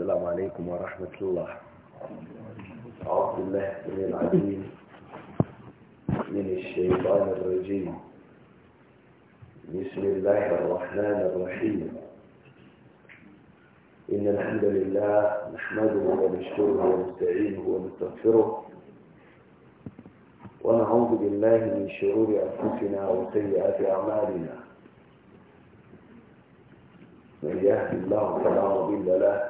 السلام عليكم ورحمة الله أعوذ بالله من العليم من الشيطان الرجيم بسم الله الرحمن الرحيم إن الحمد لله نحمده ونشكره ونستعينه ونستغفره ونعوذ بالله من شرور أنفسنا وسيئات أعمالنا من يهد الله فلا مضل له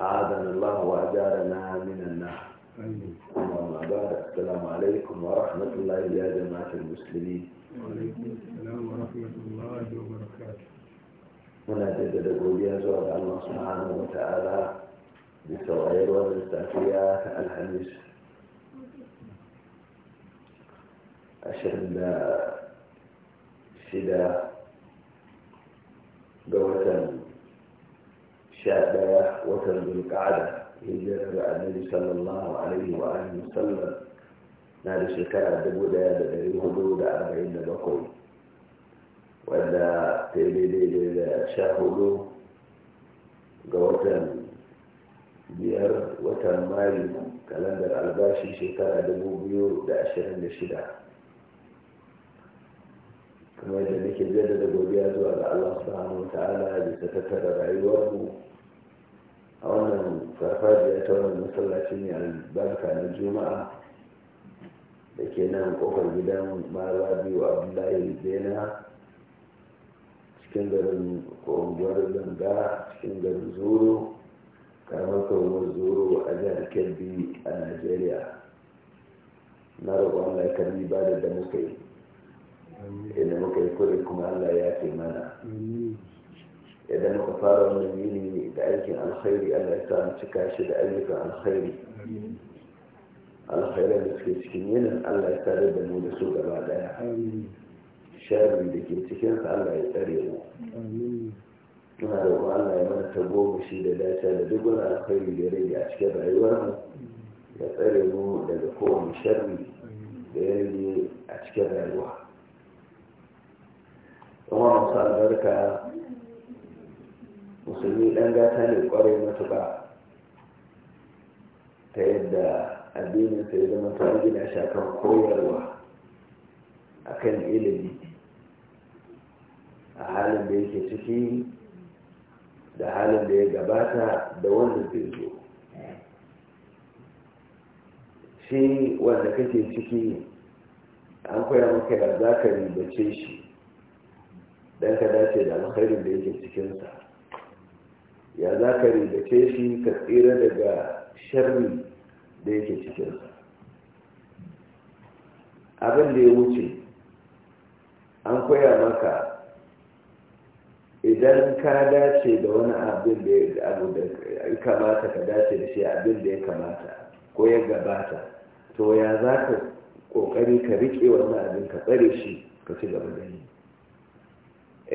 أعادنا الله وأجارنا من النار اللهم بارك السلام عليكم ورحمة الله يا جماعة المسلمين وعليكم السلام ورحمة الله وبركاته هنا تجد الله سبحانه وتعالى بالتغير والتعفيات الحديث أشهد سيدا دورة شابة وتر ذي القعدة هجر النبي صلى الله عليه وآله وسلم نادي شكرا دبودا دبري هدود أربعين بقول وإذا تبدي لشاهدو قوتن بير وتر مالي كالندر الباشي شكرا دبوبيو دأشرين لشدا كما يجب أن يكون هذا الله سبحانه وتعالى بسكتر رعيوه a wannan farfajiya ta wannan masallaci ne albarka na juma'a da ke nan kofar gidan mara biyu abdullahi bena cikin garin kogwar ganga cikin garin zuru karamar kogwar zuru a jihar kebbi a nigeria na roƙon laikar ba da da muka yi inda muka yi kuma allah ya ce mana إذن أفار من ذلك الخير ألا يتعلم تكاشي ذلك الخير الخير الذي يتكين ألا يتعلم المنسوق بعد شاب الذي يتكين فألا يتعلم هذا أن ألا يمن تبوه شيد لا يتعلم دقل الخير الذي يتكين بعيوانه يتعلم لدخوه شاب الذي يتكين بعيوانه وما مصال ذلك musulmi dan gata ne kwarai matuka ta yadda addinin ta ya zama ta gina shi akan koyarwa kan ilimi a halin da yake ciki da halin da ya gabata da wanda zai zo shi wanda kake ciki an koya maka ya za ka ribace shi don ka dace da alkhairin da yake cikinsa ya za ka rigace shi ka tsira daga sharri da yake cikinsa abin da ya wuce an koya maka idan ka dace da wani abin da ya kamata ka dace da shi abin da ya kamata ko ya gabata to ya za ka kokari ka riƙe wannan abin ka tsare shi ka ci gaba da yi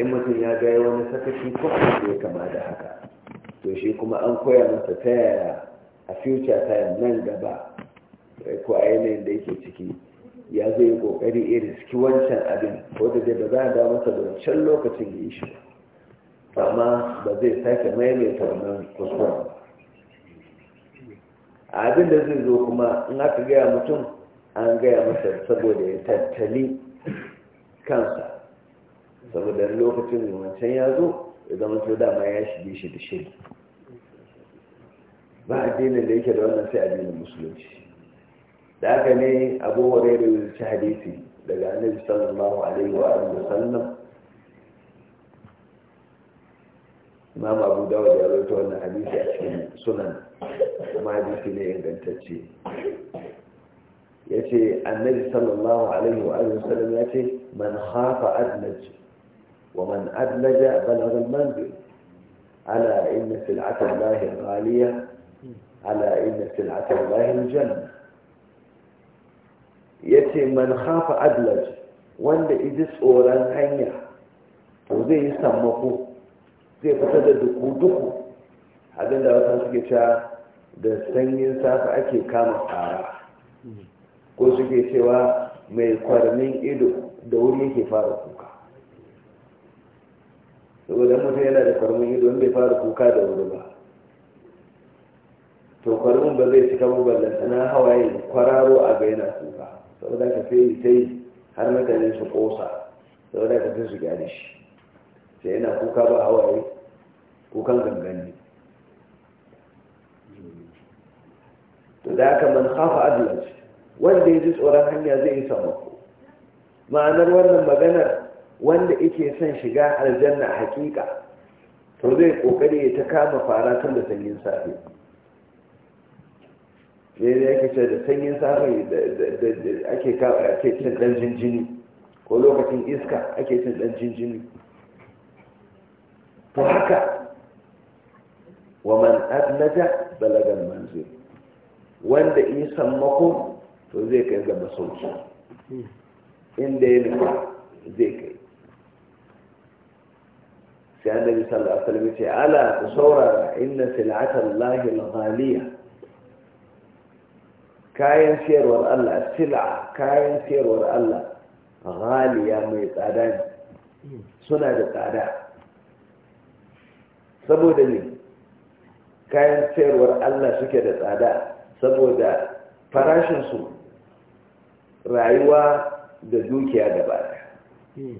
in mutum ya gaya wani sakaci ko da ya kama da haka to shi kuma an koya masa ta yaya a future time nan gaba ko a yanayin da yake ciki ya zai yi kokari irin ciki wancan abin ko da zai ba za a da masa da wancan lokacin da ya shi amma ba zai sake maimaita wannan kuskuren abin da zai zo kuma in aka gaya mutum an gaya masa saboda ya tattali kansa saboda lokacin wancan ya zo ya zama to dama ya shige shi da shiri ba addinin da yake da wannan sai addinin musulunci da aka ne abu hurairu ya ci hadisi daga annabi sallallahu alaihi wa alihi wasallam imam abu dawud ya rawaito wannan hadisi a cikin sunan kuma hadisi ne ingantacce ya ce annabi sallallahu alaihi wa alihi wasallam ya ce man hafa adnaji ومن أدلج بلغ المنزل ألا إن سلعة الله الغالية ألا إن سلعة الله الجنة يتي من خاف أدلج وان إذا سؤالا هنيا وزي يسمقه zai fita da duku-duku abin da wata suke cewa da sanyin safi ake kama tsara ko suke cewa mai kwarmin ido da wuri yake fara kuka saboda mutum yana da kwarmin ido bai fara kuka da wuri ba to kwarmin ba zai cika maballanta na hawaye kwararo a ga kuka saboda ka sai ta yi har mutane su kosa saboda ka fi su gyara shi sai yana kuka ba hawaye kukan gangane to da aka man hafa adalci wanda ya ji tsoron hanya zai yi sammako ma'anar wannan maganar wanda yake son shiga aljanna hakika to zai kokari ya ta kama fara tun da sanyin safe ne da yake ce da sanyin safe da ake cin dan jinjini ko lokacin iska ake cin dan jinjini to haka wa man adnaja balagan manzi wanda isan mako to zai kai ga masauki hmm. inda ya nufa zai kai sai annabi sallallahu alaihi wasallam ce ala ku saurara inna sil'atan lahi al-ghaliya kayan siyarwar Allah sil'a kayan siyarwar Allah ghaliya mai tsada ne suna da tsada saboda ne kayan siyarwar Allah suke da tsada saboda farashinsu rayuwa da dukiya gaba ɗaya hmm.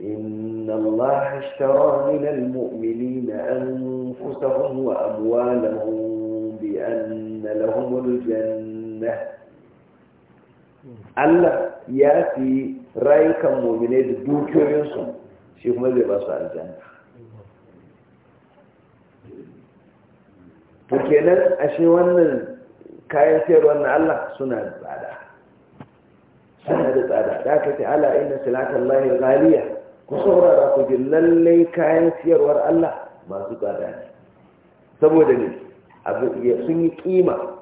إن الله اشترى من المؤمنين أنفسهم وأموالهم بأن لهم الجنة الله يأتي رأيك المؤمنين دوكو ينصم شيخ مذي بصع الجنة فكينا أشيوان كاين سير وأن الله سنة بعدها سنة بعدها ذاك تعالى إن صلاة الله غالية ku saurara ku ji lallai kayan siyarwar Allah masu tsada ne saboda ne sun yi kima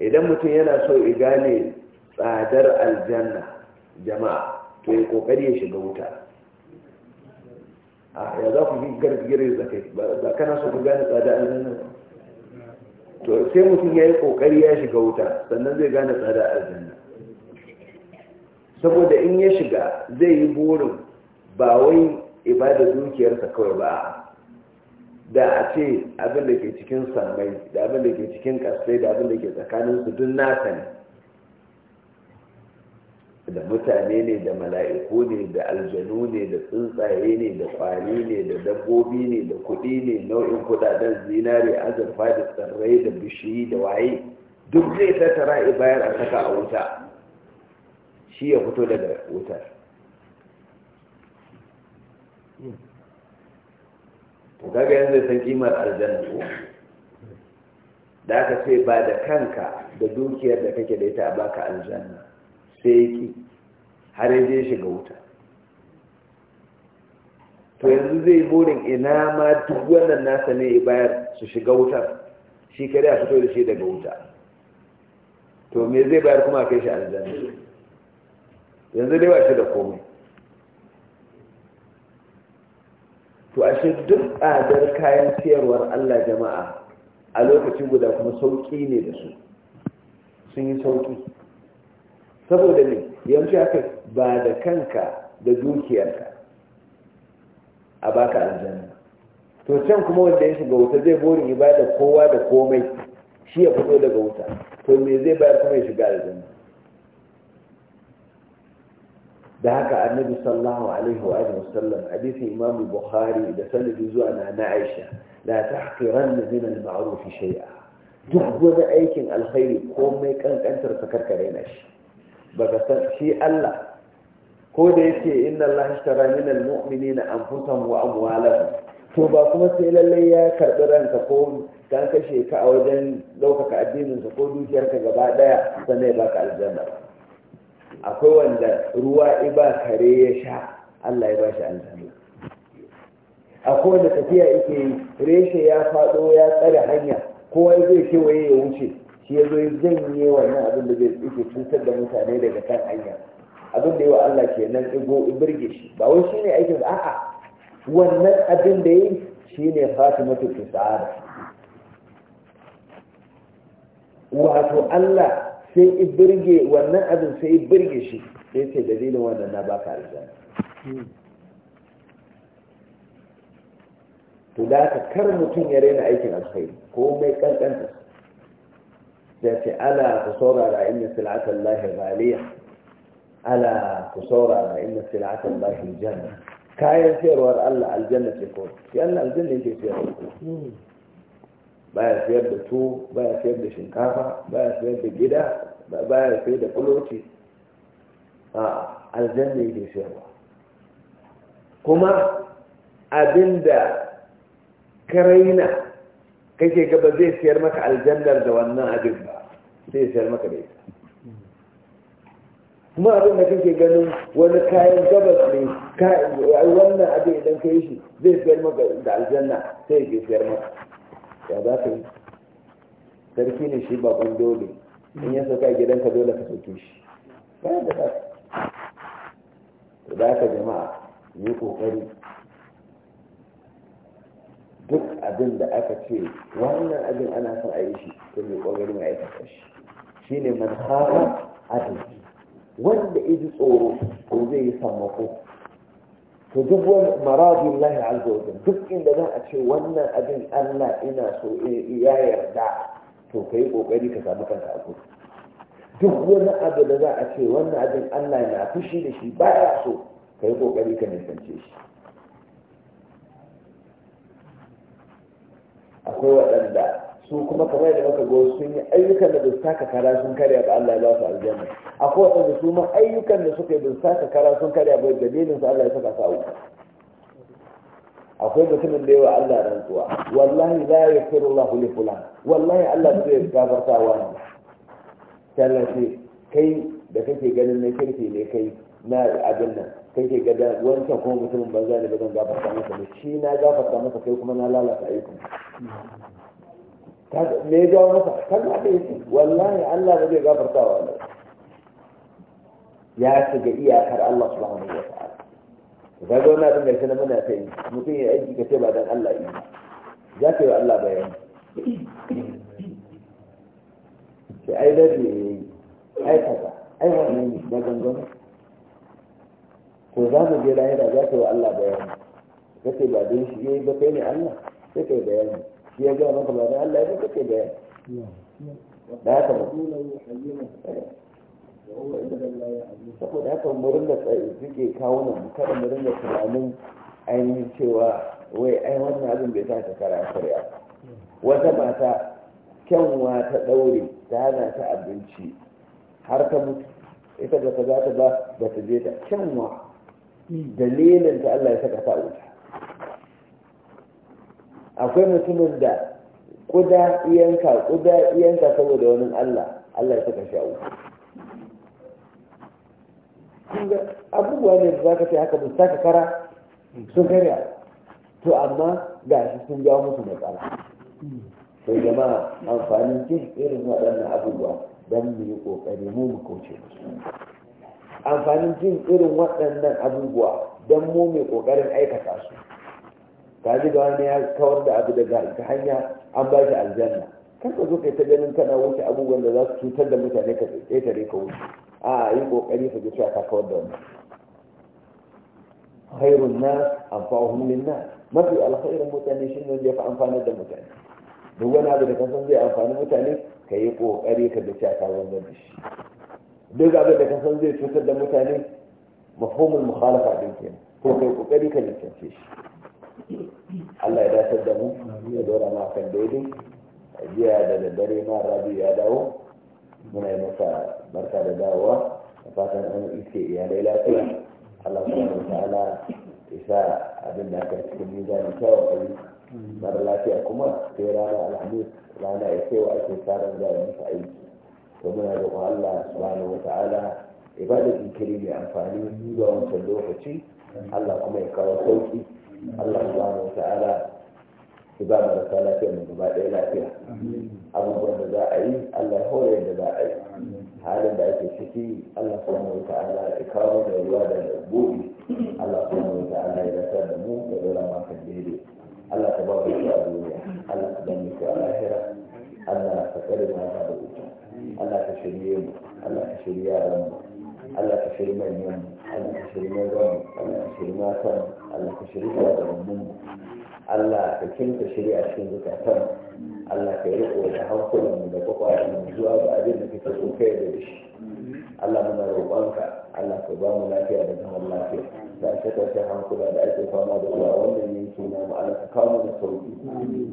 idan mutum yana so ya gane tsadar aljanna jama'a to ya kokari ya shiga wuta a ya za ku yi gargire zakai ba kana so ku gane tsadar aljanna to sai mutum ya yi kokari ya shiga wuta sannan zai gane tsadar aljanna saboda in ya shiga zai yi burin ba wai ibada dukiyarsa kawai ba da a ce abin da ke cikin samai da abin da ke cikin kasai da abin da ke su dun nasa ne da mutane ne da mala'iku ne da aljanu ne da tsuntsaye ne da kwari ne da dabbobi ne da kuɗi ne nau'in kudaden zinare azurfa da tsirrai da bishiyi da waye duk zai tattara ibayar a saka a wuta shi ya fito daga wutar to kaga yanzu zai san kimar aljanna ko da aka ce ba da kanka da dukiyar da kake da ita a baka aljanna sai ki har yaje shiga wuta to yanzu zai burin ina ma duk wannan nasa ne ibayar bayar su shiga wuta shi kare a fito da shi daga wuta to me zai bayar kuma a kai shi aljanna yanzu dai ba shi da komai to ashe duk tsadar kayan siyarwar Allah jama'a a lokacin guda kuma sauƙi ne da su sun yi sauƙi saboda ne yanzu aka ba da kanka da dukiyarka a baka aljanna to can kuma wanda ya shiga wuta zai borin ibada kowa da komai shi ya fito daga wuta to me zai bayar kuma ya shiga aljanna da haka annabi sallallahu alaihi wa alihi wasallam hadisi imam bukhari da sanadi zuwa na aisha la tahqiran min al-ma'ruf shay'a duk wani aikin alkhairi mai kankantar sa karkare na shi baka san shi Allah ko da yake inna Allah ishtara min al-mu'minina anfusahum wa amwalahum to ba kuma sai lalle ya karbi ranka ko dan kashe ka a wajen ɗaukaka addininsa ko dukiyarka gaba daya sanai ya baka aljanna akwai wanda ruwa iba kare ya sha Allah ya ba shi aljanna akwai wanda tafiya yake yi reshe ya faɗo ya tsare hanya kowa zai kewaye ya wuce shi ya zo ya janye wannan abin da zai yake cutar da mutane daga kan hanya abin da yi wa Allah kenan igo ibirge shi ba wai shine aikin a'a wannan abin da yi shi ne fatima Fatimatu tsara wato Allah sai birge wannan abin sai birge shi sai ce dalilin wannan na ka aljanna to da ka kar mutum ya raina aikin alkhairi ko mai kankanta sai ce ala ku saurara inna sil'atan lahi ghaliya ala ku saurara inna sil'atan lahi janna kayan sayarwar Allah aljanna ce ko shi Allah aljanna yake sayarwa baya sayar da tuwo baya sayar da shinkafa baya sayar da gida baya sayar da kuloci a aljanna yake sayarwa kuma abinda karaina kake gaba zai sayar maka aljannar da wannan abin ba zai sayar maka da ita kuma abin da kake ganin wani kayan gabas ne wannan abin idan ka yi shi zai sayar maka da aljanna sai ya sayar maka ya za ka yi sarki ne shi bakon dole in ya sauka gidanka dole ka sauke shi ba da za ka da ka jama'a yi kokari duk abin da aka ce wannan abin ana son a yi shi ta mai kokari mai aikata shi shine man hafa wanda iji tsoro ko zai yi sammako to duk wani maradin lahi algodin duk inda za a ce wannan abin allah ina so eh, eh, ya yarda to ka yi kokari ka samu kanka a kudu duk wani abu da za a ce wannan abin allah na fushi da shi baya so ka yi kokari ka nisance shi akwai waɗanda su kuma kamar da muka go sun yi ayyukan da ba saka taka kara sun karya ba Allah ya ba su aljanna akwai waɗanda su ma ayyukan da suka yi ba saka taka kara sun karya ba dalilin su Allah ya saka su a wuta akwai mutumin da yawa Allah rantsuwa wallahi la yaghfiru Allahu li fulan wallahi Allah zai gafarta wa wani sai kai da kake ganin na kirki ne kai na abin nan kai ke gada wancan kuma mutumin banza ne ba zan gafarta masa ne shi na gafarta masa kai kuma na lalata ayyukan me ya jawo masa kan haka yake wallahi Allah ba zai gafarta wa Allah ya shiga iyakar Allah subhanahu wa ta'ala ka ga wani abin da shi na muna ta yi mutum ya aiki ka ce ba dan Allah yi za ka yi wa Allah bayani sai ai da ya yi ai kaza ai wannan ne da gangan Ko za mu je da za ka yi wa Allah bayani kace ba don shi yayi ba kai ne Allah sai kai bayani shi ya gaya maka bayan Allah ya kake bayani da haka ba saboda haka mu ringa suke kawo nan kada mu da tunanin ainihin cewa wai ai wannan abin bai sa ta kara karya wata mata kyanwa ta daure ta hana ta abinci har ta mutu ita da ta za ta ba ba ta je ta kyanwa dalilin ta Allah ya saka ta wuta akwai mutumin da kuda iyanka kuda iyanka saboda wani Allah Allah ya saka shawo abubuwa ne da za ka ce haka ba saka kara sun karya to amma ga shi sun jawo musu matsala sai jama'a amfanin cin irin waɗannan abubuwa don mu yi ƙoƙari mu mu kauce amfanin cin irin waɗannan abubuwa don mu mai ƙoƙarin aikata su ka ji ga wani ya kawar da abu daga ta hanya an ba shi aljanna kar ka zo kai ta ganin kana wuce abubuwan da za su cutar da mutane ka ta ka wuce a yi ƙoƙari ka ji cewa ka kawar da wani khairun na amfahun lin nas mafi alkhairin mutane shi ne ya fi amfanar da mutane duk wani abu da ka san zai amfani mutane ka yi ƙoƙari ka ji cewa ka wannan da shi duk abu da ka san zai cutar da mutane mafhumul mukhalafa din kenan ko kai ƙoƙari ka nisanci shi Allah ya dace da mu ya dora ma kan daidai jiya da daddare ma rabi ya dawo muna yi masa barka da dawowa a fatan an iske iyalai lafiya Allah subhanahu wa ta'ala isa abin da aka cikin mizanin kyawun ayi mara lafiya kuma sai rana alhamis rana ya kai wa ake tsarin da musu aiki to muna roƙon Allah subhanahu wa ta'ala ibadatin kiri mai amfani ga wancan lokaci Allah kuma ya kawo sauki Allah subhanahu wa ta'ala su ba mu rasa lafiyar mu gaba ɗaya lafiya abubuwan da za a yi Allah hore da za a yi halin da ake ciki Allah subhanahu wa ta'ala ya kawo da ruwa da buɗi Allah subhanahu wa ta'ala ya rasa da mu da dora maka daidai Allah ta ba mu shi a duniya Allah ta ba mu a lahira Allah ta tsare mu da wuta Allah ta shirye mu Allah ta shirye yaran Allah ta shirye mu Allah ta shirye mu Allah ta shirye mu Allah ka shirya da gabanin Allah ka kinta shirya cikin zukatan Allah ka yi riko da hankulan da kwakwaran zuwa ga abin da kake so kai da shi Allah muna roƙonka Allah ka ba mu lafiya da zaman lafiya da shakashin hankula da ake fama da zuwa wannan yanki na mu Allah ka kawo da sauki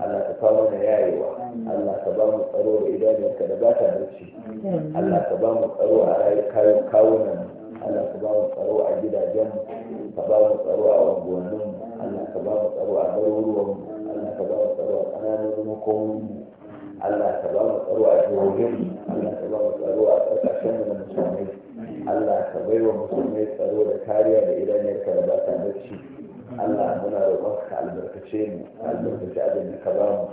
Allah ka kawo da yayewa Allah ka ba mu tsaro da idanunka da ba ta barci Allah ka ba mu tsaro a rayuwar kawunan mu Allah ka ba mu tsaro a gidajen ka ba mu tsaro a unguwannin Allah ka ba mu tsaro a garuruwan Allah ka ba mu tsaro a ƙananan makomomi Allah ka ba mu tsaro a jihohin Allah ka ba mu tsaro a ƙasashen da musulmai Allah ka bai wa musulmai tsaro da kariya da idaniyar ka da ba ta bacci Allah muna roƙonka albarkace mu albarkace abin da ka bamu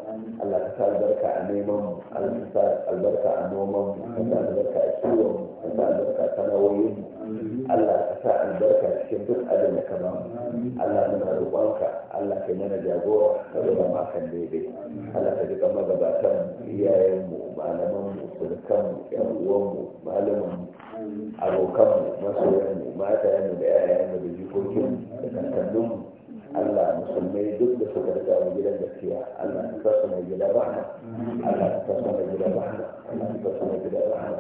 Allah ka sa albarka a neman mu Allah ka sa albarka a noman mu ka sa albarka a kiwon mu ka sa albarka da mu Allah ka sa albarka cikin duk abin da ka bamu Allah muna roƙonka Allah ka mana jagora ka zuba ma daidai Allah ka duka magabatan iyayenmu malamanmu surukanmu yan uwanmu malamanmu abokanmu masoyanmu matayenmu da yayayenmu da jikokinmu da kakanninmu Allah musulmai duk da suka rika wa gidan gaskiya Allah ya kasa mai gidan rahma Allah ya kasa mai gidan rahma Allah ya kasa mai gidan rahma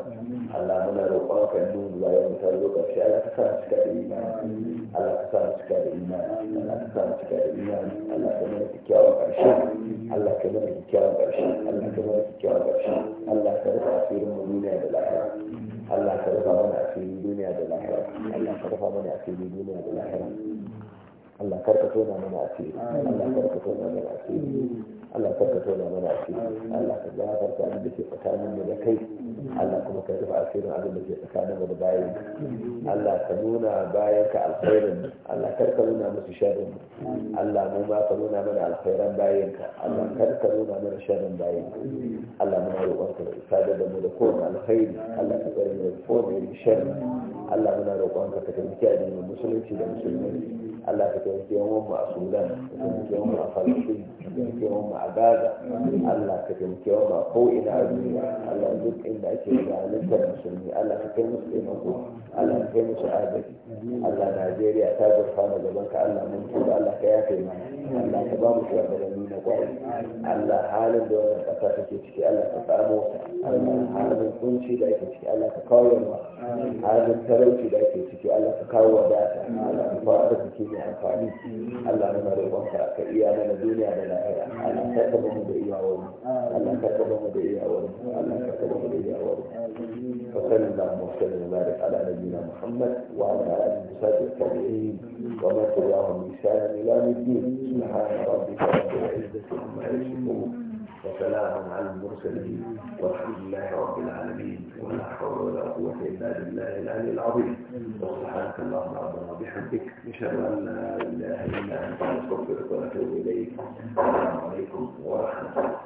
Allah muna roƙon ka yi nuna zuwa yau mutar lokaci Allah ka sa cika da imani Allah ka sa cika da imani Allah ka sa cika da imani Allah ka mana kyakkyawan ƙarshe Allah ka mana kyakkyawan ƙarshe Allah ka mana kyakkyawan ƙarshe Allah ka rufa asirin mu duniya da lahira Allah ka rufa mana asirin duniya da lahira Allah ka rufa mana asirin duniya da lahira Allah karka tona mana Allah karka tona mana asiri Allah karka tona mana Allah ka gafarta abin da ke tsakanin mu da kai Allah kuma ka rufe asirin abin da ke tsakanin mu da bayan Allah ka nuna bayan ka alkhairin Allah karka nuna musu Allah mu ma ka nuna mana alkhairan bayan ka Allah karka nuna mana sharrin bayan Allah mu da kowane alkhairi Allah ka tsare mu da kowane irin sharri Allah muna roƙon ka ka taimaki addinin musulunci da musulmai Allah ka taimaki yawan mu a Sudan ka taimaki yawan mu a Falastin ka taimaki yawan mu a Gaza Allah ka taimaki yawan mu a ko'ina a duniya Allah duk inda ake zaluntar musulmi Allah ka kai musu taimako Allah ka kai musu agaji Allah Najeriya ta gurfana gaban ka Allah mun tura Allah ka yafe mana Allah ka ba mu shugabanni na kwari Allah halin da wannan ƙasa take ciki Allah ka samu Allah halin kunci da ake ciki Allah ka kawo yamma halin talauci da ake ciki Allah ka kawo wadata Allah ka kawo arziki mai amfani Allah muna roƙonka ka iya mana duniya da lahira Allah ka taba mu da iyawar Allah ka taba mu da iyawar Allah ka taba mu da iyawar fa sallallahu wa sallam wa barik ala nabiyyina Muhammad wa ala alihi wa sahbihi tabi'in wa man tabi'ahum bi ihsan ila yawm الدين سبحان ربك رب العزة عما وسلام على المرسلين والحمد لله رب العالمين ولا حول ولا قوة إلا بالله العلي العظيم وسبحانك اللهم ربنا وبحمدك نشهد أن لا إله إلا أنت نستغفرك ونتوب إليك السلام عليكم ورحمة الله